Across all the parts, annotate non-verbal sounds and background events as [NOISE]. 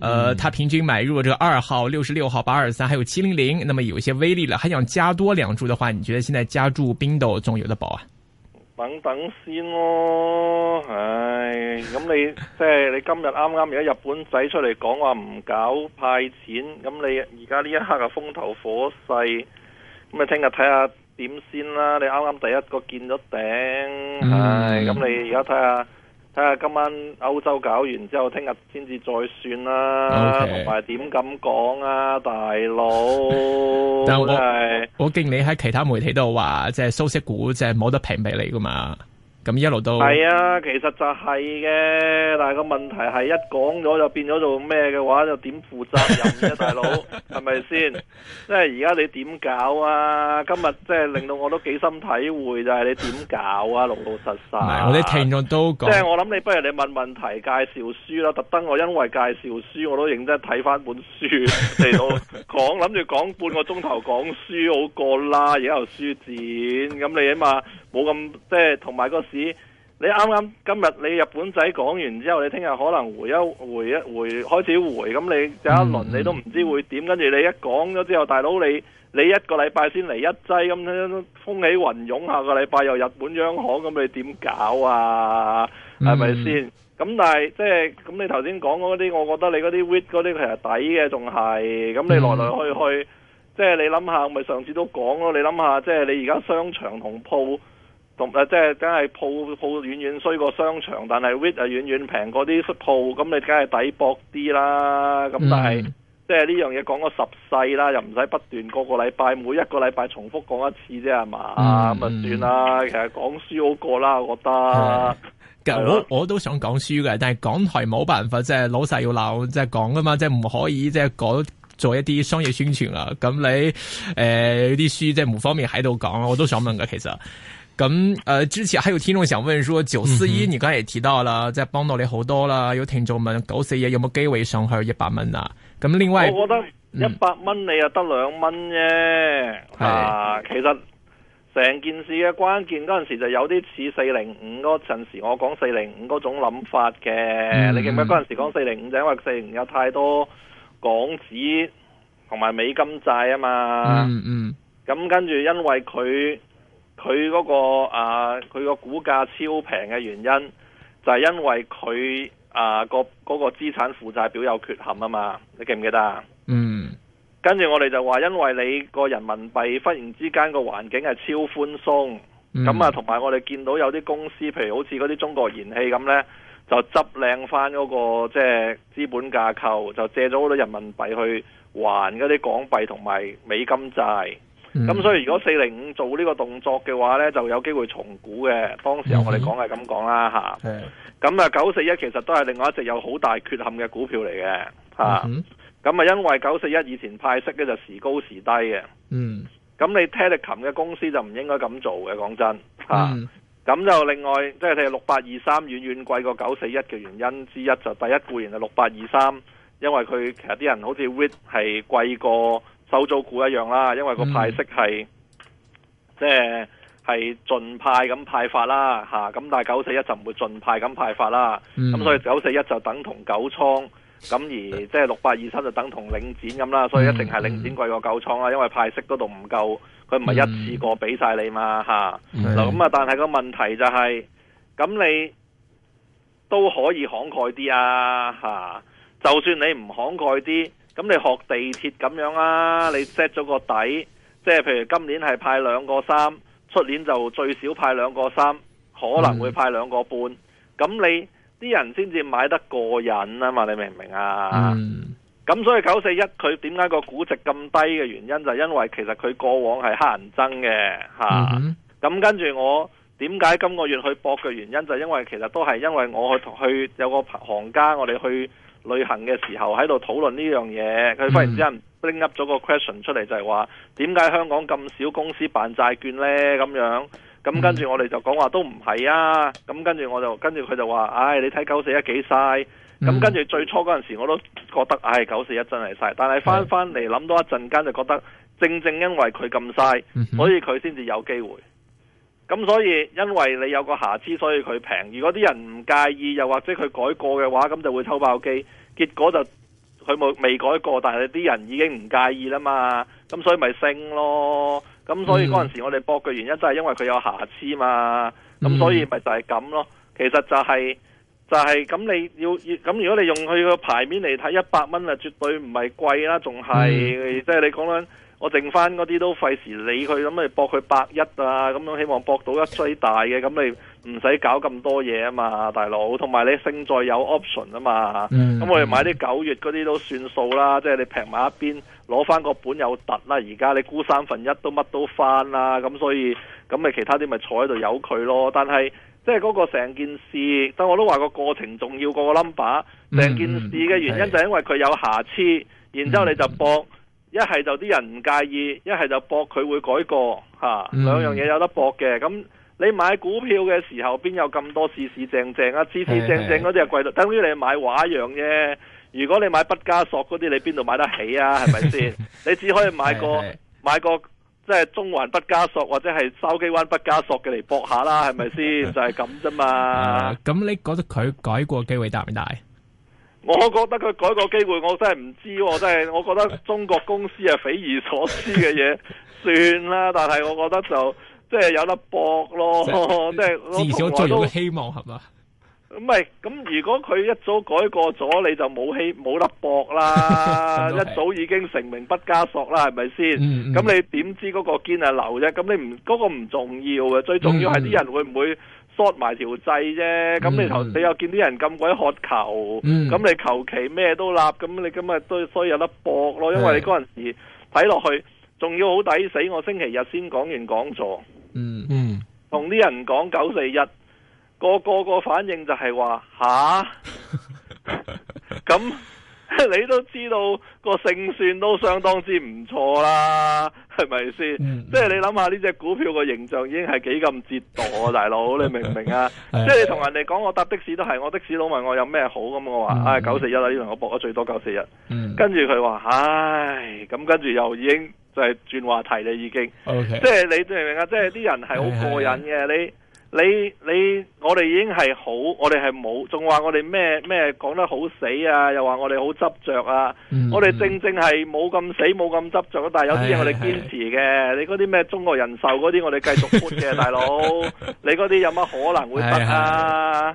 嗯、呃，他平均買入咗這個二號、六十六號、八二三，還有七零零。那麼有一些威力了，還想加多兩注的話，你覺得現在加注冰豆仲有得保啊？等等先咯、哦，唉、哎，咁你即係 [LAUGHS] 你今日啱啱而家日本仔出嚟講話唔搞派錢，咁你而家呢一刻嘅風頭火勢，咁啊聽日睇下點先啦。你啱啱第一個見咗頂，唉、嗯，咁、嗯、你而家睇下。睇下今晚歐洲搞完之後，聽日先至再算啦，同埋點咁講啊，大佬、 [LAUGHS] okay.！我我見你喺其他媒體都話，即係蘇式股，即係冇得平俾你噶嘛。咁一路都係啊，其實就係嘅，但係個問題係一講咗就變咗做咩嘅話，就點負責任嘅、啊、 [LAUGHS] 大佬，係咪先？即係而家你點搞啊？今日即係令到我都幾深體會就係你點搞啊，老老實實。 [LAUGHS] 我啲聽眾都講，即係我諗你不如你問問題，介紹書啦。特登我因為介紹書，我都認真睇翻本書，你 [LAUGHS] [LAUGHS] 講諗住講半個鐘頭講書好過啦，而家又書展咁，你起碼冇咁即係，同埋個市，你啱啱今日你日本仔講完之後，你聽日可能回一回一回開始回，咁你第一輪你都唔知會點，跟、嗯、住你一講咗之後，大佬你你一個禮拜先嚟一劑咁樣風起雲湧，下個禮拜又日本央行，咁你點搞啊？係咪先？是咁但係即係咁，就是、你頭先講嗰啲，我覺得你嗰啲 wit 嗰啲其實抵嘅，仲係咁你來來去、嗯、去，即係、就是、你諗下，我咪上次都講咯。你諗下，即、就、係、是、你而家商場同鋪同誒，即係梗係鋪鋪遠遠衰過商場，但係 wit 啊遠遠平過啲鋪，咁你梗係抵薄啲啦。咁但係即係呢樣嘢講個十世啦，又唔使不斷個個禮拜每一個禮拜重複講一次啫，係嘛？咁啊算啦、嗯。其實講書好過啦，我覺得。我我都想講書嘅，但係港台冇辦法，即係老細要鬧，即係講噶嘛，即係唔可以即係講做一啲商業宣傳啦。咁你誒啲書即係唔方便喺度講，我都想問㗎，其實。咁誒之前還有聽眾想問說，九四一你剛才提到了，即係幫到你好多啦。有聽眾問九四一有冇機會上去一百蚊啊？咁另外，我覺得一百蚊你又得兩蚊啫。係、嗯啊，其實。成件事嘅關鍵嗰陣時就有啲似四零五嗰陣時我說的的，我講四零五嗰種諗法嘅。你記唔記得嗰陣、嗯、時講四零五就因為四零五有太多港紙同埋美金債啊嘛。嗯嗯。咁跟住，因為佢佢嗰個啊佢個股價超平嘅原因，就係、是、因為佢啊、那個嗰、嗰個資產負債表有缺陷啊嘛。你記唔記得啊？跟住我哋就話，因為你個人民幣忽然之間個環境係超寬鬆，咁、嗯、啊，同、嗯、埋我哋見到有啲公司，譬如好似嗰啲中國燃氣咁呢，就執靚翻嗰個即係、就是、資本架構，就借咗好多人民幣去還嗰啲港幣同埋美金債。咁、嗯、所以如果四零五做呢個動作嘅話呢，就有機會重估嘅。當時候我哋講係咁講啦吓。咁、嗯、啊，九四一其實都係另外一隻有好大缺陷嘅股票嚟嘅。嗯嗯咁啊，因為九四一以前派息咧就時高時低嘅，嗯，咁你 telecom 嘅公司就唔應該咁做嘅，講真，吓、嗯，咁、啊、就另外即係你六八二三遠遠貴過九四一嘅原因之一就第一固然係六八二三，因為佢其實啲人好似 REIT 係貴過收租股一樣啦，因為個派息係即係係盡派咁派發啦，吓、啊，咁但係九四一就唔會盡派咁派發啦，咁、嗯、所以九四一就等同九倉。咁而即係六百二七就等同領展咁啦，所以一定係領展貴過舊倉啦，因為派息嗰度唔夠，佢唔係一次過俾晒你嘛吓。嗱、嗯、咁啊，嗯、但係個問題就係、是，咁你都可以慷慨啲啊吓、啊，就算你唔慷慨啲，咁你學地鐵咁樣啊，你 set 咗個底，即係譬如今年係派兩個三，出年就最少派兩個三，可能會派兩個半，咁、嗯、你。啲人先至買得過癮啊嘛，你明唔明啊？咁、mm -hmm. 所以九四一佢點解個估值咁低嘅原因就係因為其實佢過往係黑人憎嘅吓，咁、mm -hmm. 啊、跟住我點解今個月去博嘅原因就係因為其實都係因為我去去有個行家，我哋去旅行嘅時候喺度討論呢樣嘢，佢忽然之間拎 up 咗個 question 出嚟，就係話點解香港咁少公司辦債券呢？咁樣。咁、嗯、跟住我哋就講話都唔係啊！咁跟住我就跟住佢就話，唉、哎，你睇九四一幾嘥。嗯。咁跟住最初嗰陣時我都覺得，唉、哎，九四、嗯、一真係晒。但係翻翻嚟諗多一陣間就覺得，正正因為佢咁嘥，所以佢先至有機會。咁所以因為你有個瑕疵，所以佢平。如果啲人唔介意，又或者佢改過嘅話，咁就會抽爆機，結果就。佢冇未改過，但係啲人已經唔介意啦嘛，咁所以咪升咯。咁所以嗰陣時我哋博嘅原因就係因為佢有瑕疵嘛，咁所以咪就係咁咯。其實就係、是、就係、是、咁，你要要咁，如果你用佢個牌面嚟睇一百蚊啊，絕對唔係貴啦，仲係即係你講緊我剩翻嗰啲都費時理佢，咁咪博佢百一啊，咁樣希望博到一最大嘅咁你。唔使搞咁多嘢啊嘛，大佬。同埋你勝在有 option 啊嘛，咁、嗯、我哋買啲九月嗰啲都算數啦。即、就、係、是、你平埋一邊，攞翻個本有凸啦。而家你沽三分一都乜都翻啦，咁所以咁咪其他啲咪坐喺度由佢咯。但係即係嗰個成件事，但我都話個過，過程重要過個 number、嗯。成件事嘅原因就係因為佢有瑕疵，嗯、然之後你就搏，一、嗯、係就啲人唔介意，一係就搏佢會，會改過吓、嗯。兩樣嘢有得搏嘅咁。你買股票嘅時候邊有咁多事事正正啊？事事正正嗰啲係貴到，等於你買畫樣嘢。如果你買畢加索嗰啲，你邊度買得起啊？係咪先？你只可以買個是是是買個即係、就是、中環畢加索或者係筲箕灣畢加索嘅，嚟搏下啦，係咪先？就係咁啫嘛。咁你覺得佢改過機會大唔大？我覺得佢改過機會我，我真係唔知。喎。真係，我覺得中國公司係匪夷所思嘅嘢， [LAUGHS] 算啦。但係我覺得就。即係有得搏咯，即係治咗個希望係嘛？唔係咁，如果佢一早改過咗，你就冇希冇得搏啦。 [LAUGHS] 一早已經成名不加索啦，係咪先？咁、嗯、你點知嗰個堅係流啫？咁你唔嗰、嗰個唔重要嘅，最重要係啲人會唔會 short 埋條掣啫？咁、嗯、你頭你又見啲人咁鬼渴求，咁、嗯、你求其咩都立，咁你咁咪都所以有得搏咯、嗯？因為你嗰陣時睇落去。仲要好抵死，我星期日先講完講座，嗯嗯，同啲人講九四一，個，個個個反應就係話吓，咁 [LAUGHS] 你都知道個勝算都相當之唔錯啦，係咪先？即係你諗下呢隻股票個形象已經係幾咁折墮啊，大佬，你明唔明啊？ [LAUGHS] 即係你同人哋講我搭的士都係，我的士佬問我有咩好咁，我話唉九四一啦，呢輪我搏咗最多九四一，嗯，跟住佢話唉，咁跟住又已經。就係轉話題啦，已經。Okay. 即係你明唔明啊？即係啲人係好過癮嘅。你你你，我哋已經係好，我哋係冇，仲話我哋咩咩講得好死啊？又話我哋好執着啊！嗯、我哋正正係冇咁死，冇咁執着。但係有啲嘢我哋堅持嘅。你嗰啲咩中國人壽嗰啲，我哋繼續 push 嘅，大佬。 [LAUGHS] 你嗰啲有乜可能會得啊？係係係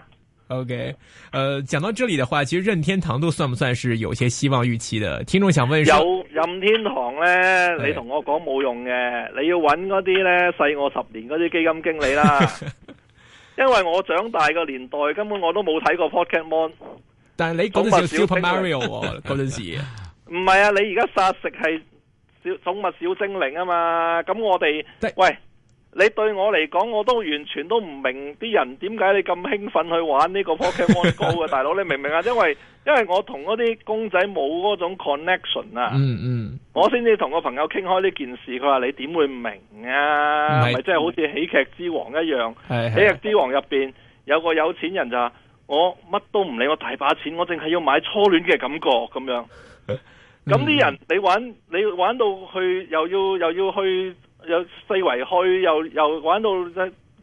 O K，誒，講到這裏的話，其實任天堂都算唔算是有些希望預期的？聽眾想問有任天堂咧，你同我講冇用嘅，你要揾嗰啲咧細我十年嗰啲基金經理啦， [LAUGHS] 因為我長大個年代根本我都冇睇過 Pokemon，c 但係你講就 Super Mario 嗰陣時，唔 [LAUGHS] 係 [LAUGHS] 啊，你而家殺食係小寵物小精靈啊嘛，咁、嗯、我哋喂。你對我嚟講，我都完全都唔明啲人點解你咁興奮去玩呢個 Pokemon Go 嘅，大佬你明唔明啊？因為因為我同嗰啲公仔冇嗰種 connection 啊、嗯，嗯嗯，我先至同個朋友傾開呢件事，佢話你點會唔明啊？咪即係好似喜劇之王一樣，喜劇之王入邊有個有錢人就話我乜都唔理，我大把錢，我淨係要買初戀嘅感覺咁樣。咁、嗯、啲人你玩你玩到去又要又要去。又四圍去，又又玩到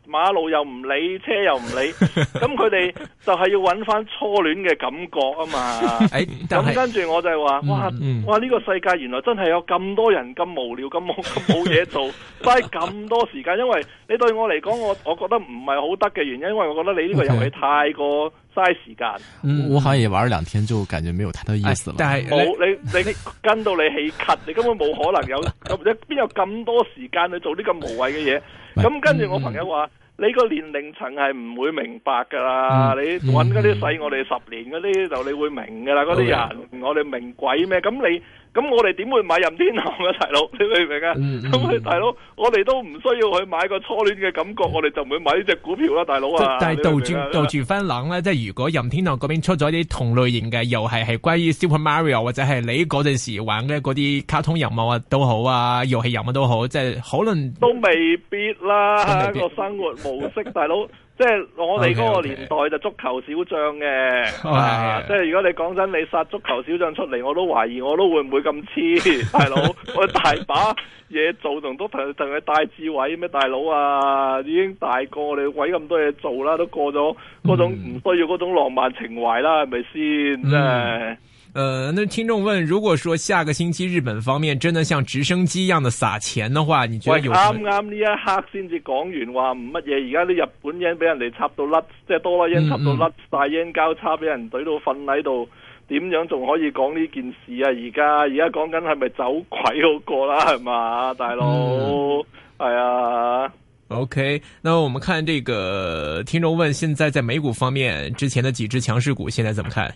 馬路又唔理車又唔理，咁佢哋就係要揾翻初戀嘅感覺啊嘛！咁跟住我就話：，哇、嗯嗯、哇呢、呢個世界原來真係有咁多人咁無聊咁冇咁冇嘢做，嘥 [LAUGHS] 咁多時間，因為你對我嚟講，我我覺得唔係好得嘅原因，因為我覺得你呢個遊戲太過。Okay. 嘥時間、嗯，我好似也玩兩天就感覺沒有太多意思了。哎、但係冇你你，你跟到你氣咳，你根本冇可能有咁，邊 [LAUGHS] 有咁多時間去做啲咁無謂嘅嘢？咁跟住我朋友話、嗯：你個年齡層係唔會明白㗎喇、嗯，你揾嗰啲細我哋十年嗰啲就你會明㗎喇，嗰、嗯、啲、嗯、人、嗯、我哋明鬼咩？咁你。咁我哋點會買任天堂啊，大佬，你明唔明啊？咁、嗯、啊，大佬、嗯，我哋都唔需要去買個初戀嘅感覺，我哋就唔會買呢隻股票啦，大佬啊！但係倒轉倒轉翻諗咧，即係如果任天堂嗰邊出咗啲同類型嘅遊戲，係關於 Super Mario 或者係你嗰陣時玩嘅嗰啲卡通遊戲啊，都好啊，遊戲遊戲都好，即係可能都未必啦，必啊那個生活模式， [LAUGHS] 大佬。即係我哋嗰個年代就足球小將嘅，okay, okay. 啊！Okay. 即係如果你講真，你殺足球小將出嚟，我都懷疑我都會唔會咁黐， [LAUGHS] 大佬，我大把嘢做，同都同佢戴志偉咩大佬啊，已經大過我哋，鬼咁多嘢做啦，都過咗嗰種唔需要嗰種浪漫情懷啦，係咪先？Mm. 嗯。呃，那聽眾問，如果說下個星期日本方面真的像直升機一樣的撒錢的話，你覺得有什麼？啱啱呢一刻先至講完話，唔乜嘢。而家啲日本人俾人哋插到甩，即係多啦煙插到甩晒煙交叉被，俾人懟到瞓喺度，點樣仲可以講呢件事啊？而家而家講緊係咪走鬼好過啦？係嘛，大佬，係、嗯、啊、哎。OK，那我們看這個聽眾問，現在在美股方面，之前的幾支強勢股現在怎麼看？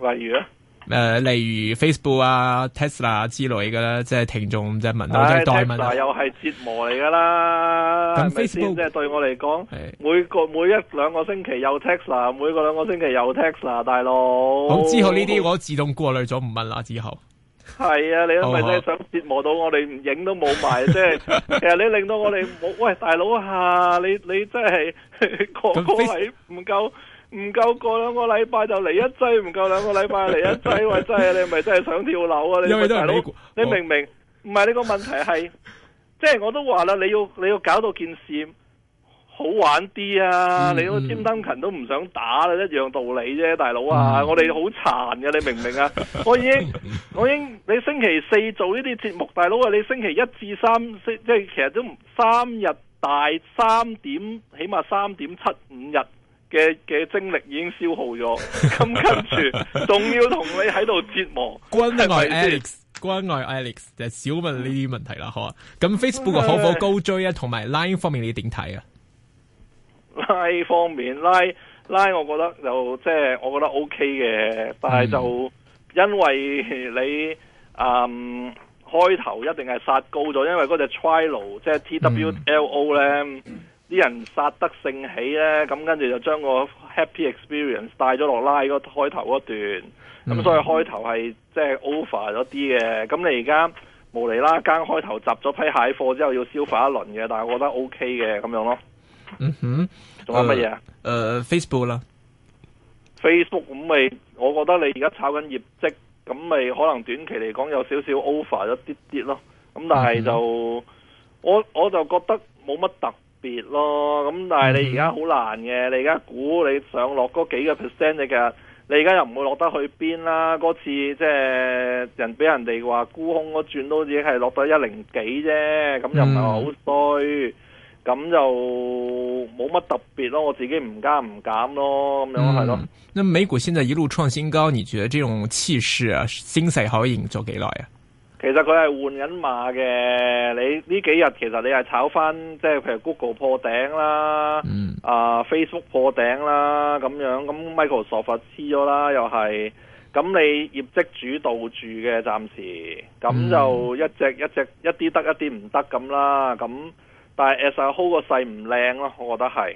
例如誒、啊呃，例如 Facebook 啊、Tesla 之類嘅、哎啊、啦，即係聽眾即係問，即係代問又係折磨嚟噶啦，咁 Facebook 即係對我嚟講，每個每一兩個星期有 Tesla，每個兩個星期有 Tesla，大佬。咁之後呢啲我自動過濾咗，唔問啦。之後係啊，你係咪真係想折磨到我哋，唔影都冇埋。即係其實你令到我哋冇喂，大佬啊，你你真係 [LAUGHS] 個個位唔夠。 [LAUGHS] 唔夠過兩個禮拜就嚟一季，唔夠兩個禮拜嚟一季， [LAUGHS] 喂，真係你咪真係想跳樓啊！你因為都係你，大佬，你明明唔係、哦、你個問題係，即係我都話啦，你要你要搞到件事好玩啲啊！嗯、你都 Tim Duncan 都唔想打啦，一樣道理啫，大佬啊！嗯、我哋好殘嘅、啊，你明唔明啊？ [LAUGHS] 我已經，我已經你星期四做呢啲節目，大佬啊！你星期一至三，即係其實都三日大三點，起碼三點七五日。嘅嘅精力已經消耗咗，咁跟住仲要同你喺度折磨 [LAUGHS] 關愛 Alex, 是是，關愛 Alex，關愛 Alex 就少問呢啲問題啦，好啊。咁 Facebook 可否高追啊？同、嗯、埋 Line 方面你點睇啊？Line 方面，Line Line，我覺得就即係、就是、我覺得 OK 嘅，但係就因為你嗯，嗯開頭一定係殺高咗，因為嗰隻 Twilio 即係 T W L O 咧。嗯啲人殺得性起咧，咁跟住就將個 Happy Experience 帶咗落拉，個開頭嗰段，咁、嗯、所以開頭係即係 over 咗啲嘅。咁你而家無釐啦間開頭集咗批蟹貨之後要消化一輪嘅，但係我覺得 OK 嘅咁樣咯。嗯哼，仲、uh, 有乜嘢啊？f a c e b o o k 啦，Facebook 咁咪，Facebook，我覺得你而家炒緊業績，咁咪可能短期嚟講有少少 over 咗啲啲咯。咁但係就、嗯、我我就覺得冇乜特。別、嗯、咯，咁但係你而家好難嘅，你而家估你上落嗰幾個 percent 嘅，其實你而家又唔會落得去邊啦。嗰次即係人俾人哋話沽空嗰轉都已經係落到一零幾啫，咁又唔係好衰，咁就冇乜特別咯。我自己唔加唔減咯，咁樣係咯。咁美股現在一路創新高，你覺得呢種氣勢，升勢可以營造幾耐啊？其實佢係換人馬嘅，你呢幾日其實你係炒翻，即、就、係、是、譬如 Google 破頂啦，啊、嗯呃、Facebook 破頂啦咁樣，咁 Michael 索佛黐咗啦又係，咁你業績主導住嘅暫時，咁、嗯、就一隻一隻一啲得一啲唔得咁啦，咁但係 Asa Ho 個勢唔靚咯，我覺得係，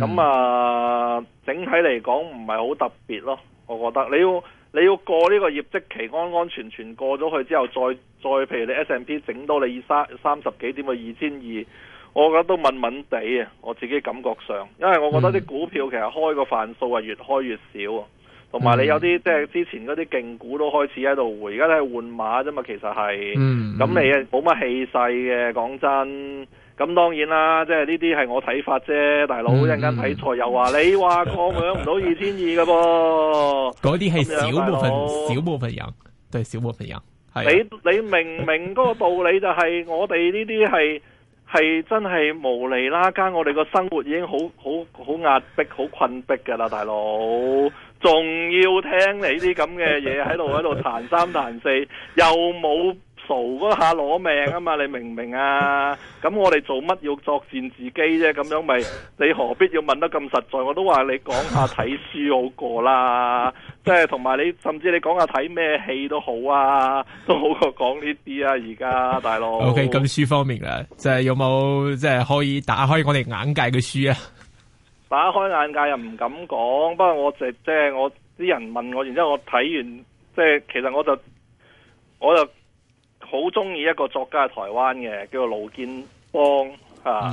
咁啊整體嚟講唔係好特別咯，我覺得你要。你要過呢個業績期安安全全過咗去之後，再再譬如你 S M P 整到你三三十幾點嘅二千二，我覺得都悶悶哋啊！我自己感覺上，因為我覺得啲股票其實開個範數啊越開越少，同埋你有啲即係之前嗰啲勁股都開始喺度回，換而家都係換馬啫嘛，其實係，咁你啊冇乜氣勢嘅，講真。咁當然啦，即係呢啲係我睇法啫，大佬陣間睇錯又話你話過養唔到二千二嘅噃，嗰啲係少部分少 [LAUGHS] 部分人，係少部分人，係你 [LAUGHS] 你明明嗰個道理就係我哋呢啲係係真係無厘啦，加我哋個生活已經好好好壓迫、好困迫㗎啦，大佬，仲要聽你啲咁嘅嘢喺度喺度彈三彈四，又冇。下攞命啊嘛！你明唔明啊？咁我哋做乜要作踐自己啫、啊？咁樣咪你何必要問得咁實在？我都話你講下睇書好過啦，即係同埋你甚至你講下睇咩戲都好啊，都好過講呢啲啊。而家大佬，OK，咁書方面啊，即係有冇即係可以打開我哋眼界嘅書啊？打開眼界又唔敢講，不過我就即係我啲人問我，然之後我睇完，即係其實我就我就。好中意一個作家喺台灣嘅，叫做盧建邦啊，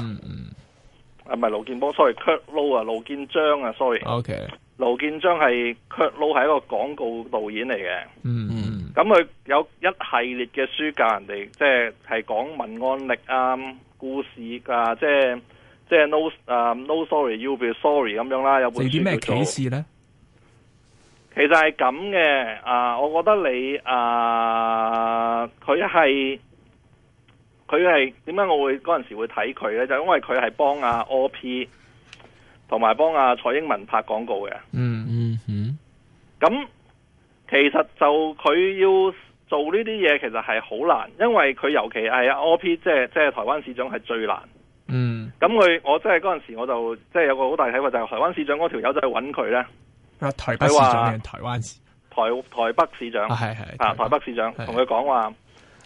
唔係盧建邦？sorry，cut 佬啊，盧建章啊，sorry。O K.，盧建章係 cut 佬，係一個廣告導演嚟嘅。嗯嗯，咁佢有一系列嘅書教人哋，即係係講文案力啊、故事啊，即係即係 no 啊、uh, no sorry，you will be sorry 咁樣啦，有冇啲咩啟示咧？其實係咁嘅，啊，我覺得你，啊，佢係佢係點解我會嗰陣時會睇佢咧？就因為佢係幫阿 OP 同埋幫阿蔡英文拍廣告嘅。嗯嗯哼。咁、嗯、其實就佢要做呢啲嘢，其實係好難，因為佢尤其係、阿、OP，即係即係台灣市長係最難。嗯。咁佢我即係嗰陣時我就即係有個好大體會，就係、就係、台灣市長嗰條友就去搵佢咧。台北市長，台灣市台台北市長係係啊，啊，啊！台北市長同佢講話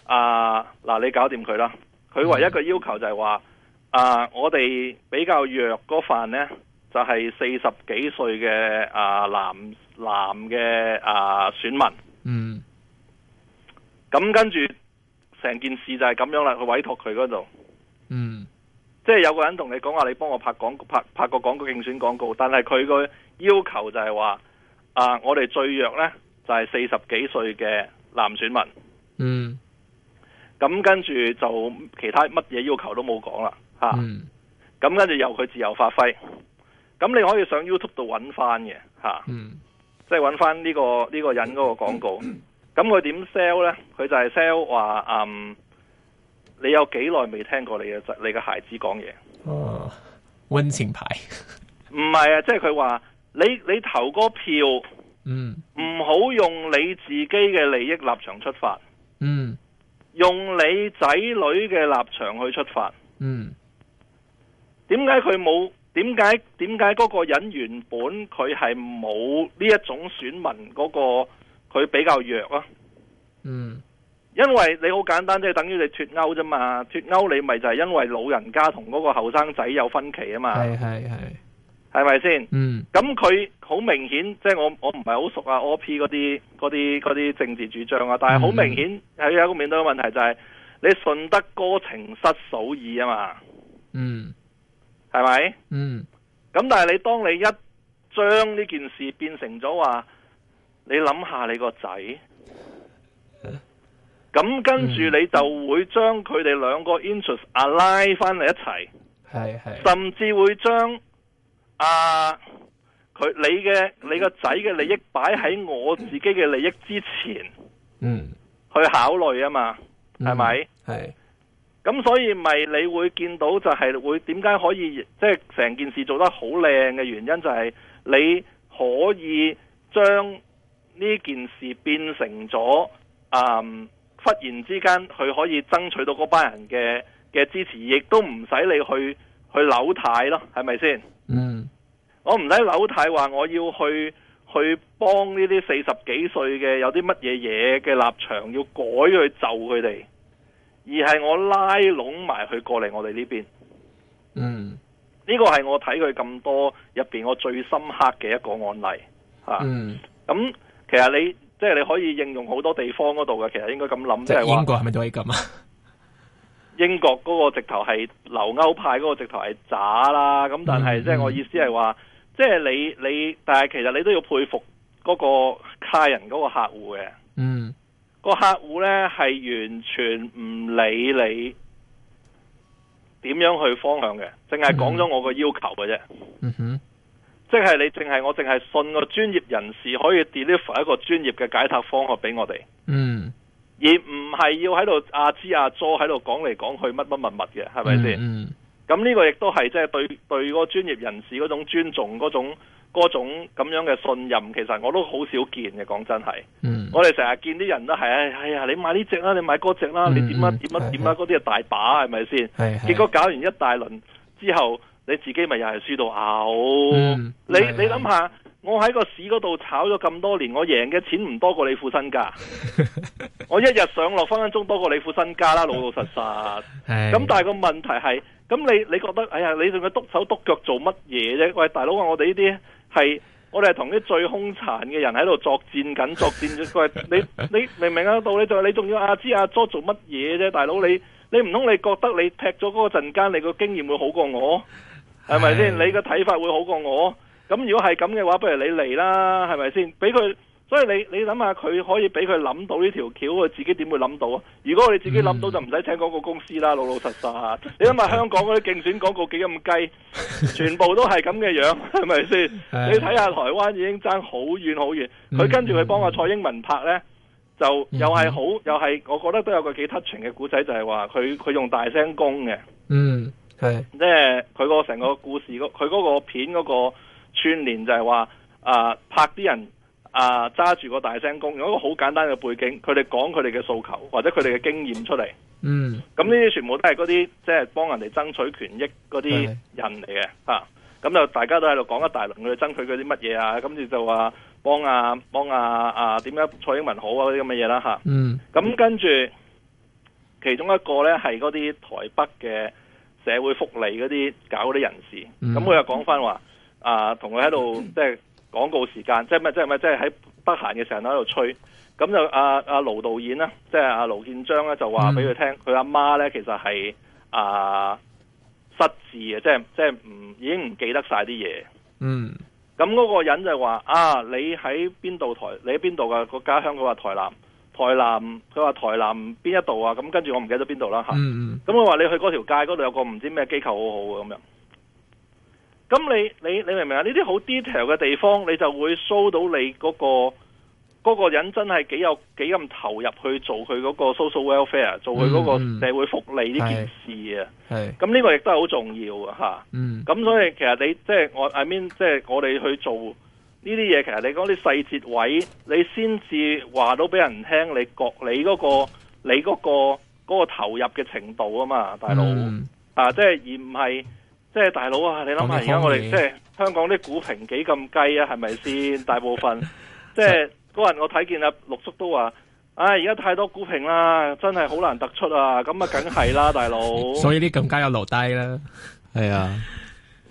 啊，嗱你搞掂佢啦。佢唯一,一個要求就係話、嗯、啊，我哋比較弱嗰份呢，就係、是、四十幾歲嘅，啊男男嘅，啊選民。嗯。咁跟住成件事就係咁樣啦。佢委託佢嗰度，嗯，即係有個人同你講話，你幫我拍廣告，拍拍個廣告競選廣告，但係佢個。要求就係話，啊，我哋最弱呢，就係四十幾歲嘅男選民。嗯，咁跟住就其他乜嘢要求都冇講啦。吓、嗯，咁跟住由佢自由發揮。咁你可以上 YouTube 度揾翻嘅吓，即係揾翻呢個呢個人嗰個廣告。咁佢點 sell 呢？佢就係 sell 話，嗯，你有幾耐未聽過你嘅你嘅孩子講嘢？哦，溫情牌唔係啊，即係佢話。就是你你投個票，嗯，唔好用你自己嘅利益立場出發，嗯，用你仔女嘅立場去出發，嗯。點解佢冇？點解點解嗰個人原本佢係冇呢一種選民嗰個佢比較弱啊？嗯，因為你好簡單，即係等於你脫歐啫嘛，脫歐你咪就係因為老人家同嗰個後生仔有分歧啊嘛，係係係。係咪先？嗯，咁佢好明顯，即、就、係、是、我我唔係好熟啊，OP 嗰啲嗰啲嗰啲政治主張啊，但係好明顯係、嗯、有一個面對嘅問題、就是，就係你順得哥情失嫂意啊嘛，嗯，係咪？嗯，咁但係你當你一將呢件事變成咗話，你諗下你個仔，咁、嗯、跟住你就會將佢哋兩個 interest align 翻嚟一齊，係、嗯、係，甚至會將。啊！佢你嘅你個仔嘅利益擺喺我自己嘅利益之前，嗯，去考慮啊嘛，係咪？嗯，係。咁所以咪你會見到就係會點解可以即係成件事做得好靚嘅原因就係你可以將呢件事變成咗，嗯，忽然之間佢可以爭取到嗰班人嘅嘅支持，亦都唔使你去。去扭態咯，係咪先？嗯，我唔使扭態話，我要去去幫呢啲四十幾歲嘅有啲乜嘢嘢嘅立場要改去就佢哋，而係我拉攏埋佢過嚟我哋呢邊。嗯，呢個係我睇佢咁多入邊我最深刻嘅一個案例吓。嗯，咁、啊、其實你即係、就是、你可以應用好多地方嗰度嘅，其實應該咁諗，即、就、係、是、英國係咪都可以咁啊？ [LAUGHS] 英國嗰個直頭係留歐派嗰個直頭係渣啦，咁但係即係我意思係話、嗯嗯，即係你你，但係其實你都要佩服嗰個客人嗰個客戶嘅。嗯，個客戶呢，係完全唔理你點樣去方向嘅，淨係講咗我個要求嘅啫。哼、嗯嗯嗯，即係你淨係我淨係信個專業人士可以 deliver 一個專業嘅解答方案俾我哋。嗯。而唔係要喺度阿支阿左喺度講嚟講去乜乜乜乜嘅，係咪先？咁、嗯、呢、嗯、個亦都係即係對對嗰專業人士嗰種尊重嗰種、嗰種嗰種咁樣嘅信任，其實我都好少見嘅。講真係、嗯，我哋成日見啲人都係啊，哎呀，你買呢隻啦，你買嗰隻啦，你點啊點、嗯、啊點啊嗰啲啊大把係咪先？結果搞完一大輪之後，你自己咪又係輸到嘔、嗯。你是是是你諗下？我喺個市嗰度炒咗咁多年，我贏嘅錢唔多過你副身家。 [LAUGHS] 我一日上落分分鐘多過你副身家啦，老老實實。咁 [LAUGHS] 但係個問題係，咁你你覺得，哎呀，你仲要督手督腳做乜嘢啫？喂，大佬，我我哋呢啲係我哋係同啲最空談嘅人喺度作戰緊，作戰。喂，你你明唔明啊？道理就是、你仲要阿芝阿 j 做乜嘢啫？大佬，你你唔通你覺得你踢咗嗰陣間，你個經驗會好過我？係咪先？ [LAUGHS] 你嘅睇法會好過我？咁如果係咁嘅話，不如你嚟啦，係咪先？俾佢，所以你你諗下，佢可以俾佢諗到呢條橋，佢自己點會諗到啊？如果你自己諗到，就唔使請廣告公司啦，老老實實，嗯。你諗下香港嗰啲競選廣告幾咁雞， [LAUGHS] 全部都係咁嘅樣，係咪先？你睇下台灣已經爭好遠好遠，佢、嗯、跟住佢幫阿蔡英文拍呢，就又係好、嗯，又係我覺得都有個幾 touching 嘅故仔，就係話佢佢用大聲公嘅，嗯，係，即係佢個成個故事佢嗰個片嗰、嗰個。串連就係話啊，拍啲人啊，揸住個大聲公，用一個好簡單嘅背景，佢哋講佢哋嘅訴求或者佢哋嘅經驗出嚟。嗯，咁呢啲全部都係嗰啲即係幫人哋爭取權益嗰啲人嚟嘅吓，咁、啊、就大家都喺度講一大輪佢哋爭取嗰啲乜嘢啊，跟住就話幫啊幫啊啊點解，蔡英文好啊，嗰啲咁嘅嘢啦吓。嗯，咁、啊、跟住其中一個呢係嗰啲台北嘅社會福利嗰啲搞嗰啲人士，咁佢又講翻話。嗯啊，同佢喺度即係廣告時間，即係咩？即係咩？即係喺得閒嘅時候喺度吹，咁就阿阿、啊啊、盧導演啦，即係阿、啊、盧建章啦，就話俾佢聽，佢阿媽咧其實係啊失智即係即係唔已經唔記得晒啲嘢。嗯。咁嗰、啊嗯、個人就話：啊，你喺邊度台？你喺邊度噶？個家鄉佢話台南，台南佢話台南邊一度啊？咁跟住我唔記得邊度啦嚇。嗯嗯。咁佢話你去嗰條街嗰度有個唔知咩機構好好嘅咁樣。咁你你你明唔明啊？呢啲好 detail 嘅地方，你就會 show 到你嗰個嗰個人真係幾有幾咁投入去做佢嗰個 social welfare，做佢嗰個社會福利呢件事啊。係，咁呢個亦都係好重要嘅吓，嗯，咁所以其實你即係我 I mean 即係我哋去做呢啲嘢，其實你講啲細節位，你先至話到俾人聽，你覺你嗰個你嗰個嗰個投入嘅程度啊嘛，大佬、嗯、啊，即係而唔係。即、就、係、是、大佬啊！你諗下而家我哋即係香港啲股評幾咁雞啊？係咪先？大部分即係嗰日我睇見阿六叔都話：，唉、哎，而家太多股評啦，真係好難突出啊！咁啊，梗係啦，大佬。所以呢，更加有落低啦。係啊，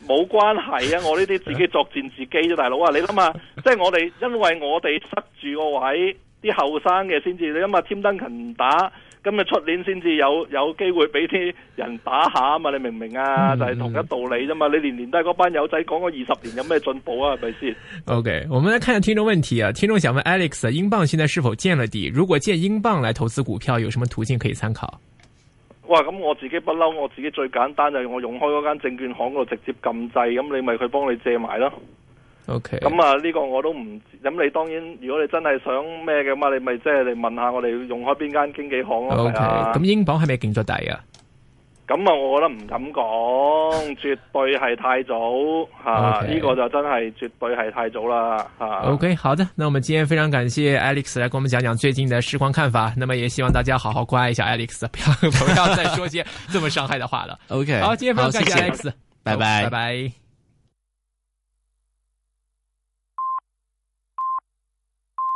冇關係啊！我呢啲自己作戰自己啫、啊，大佬啊！你諗下，即、就、係、是、我哋因為我哋塞住個位，啲後生嘅先至，你諗下添燈勤打。今日出年，先至有有機會俾啲人打下啊嘛，你明唔明啊？嗯、就係、是，同一道理啫嘛。你年年都係嗰班友仔講個二十年有咩進步啊？係咪先 OK，我們來看下聽眾問題啊。聽眾想問 Alex，英鎊現在是否見了底？如果借英鎊來投資股票，有什麼途徑可以參考？哇！咁我自己不嬲，我自己最簡單就係我用開嗰間證券行嗰度直接撳掣。咁你咪佢幫你借埋咯。OK，咁啊呢、呢個我都唔，咁你當然，如果你真係想咩嘅咁啊，你咪即係你問下我哋用開邊間經紀行咯，咁英鎊係咪見咗底啊？咁啊，啊，我覺得唔敢講，絕對係太早吓，呢、okay, 啊呢個就真係絕對係太早啦、啊。OK，好的，那我們今天非常感謝 Alex 來跟我們講講最近的市況看法，那麼也希望大家好好關愛一下 Alex， [LAUGHS] 不，要不要再說些這麼傷害的話了。 [LAUGHS] OK，好，今天非常感謝 Alex，拜拜，拜拜，拜拜。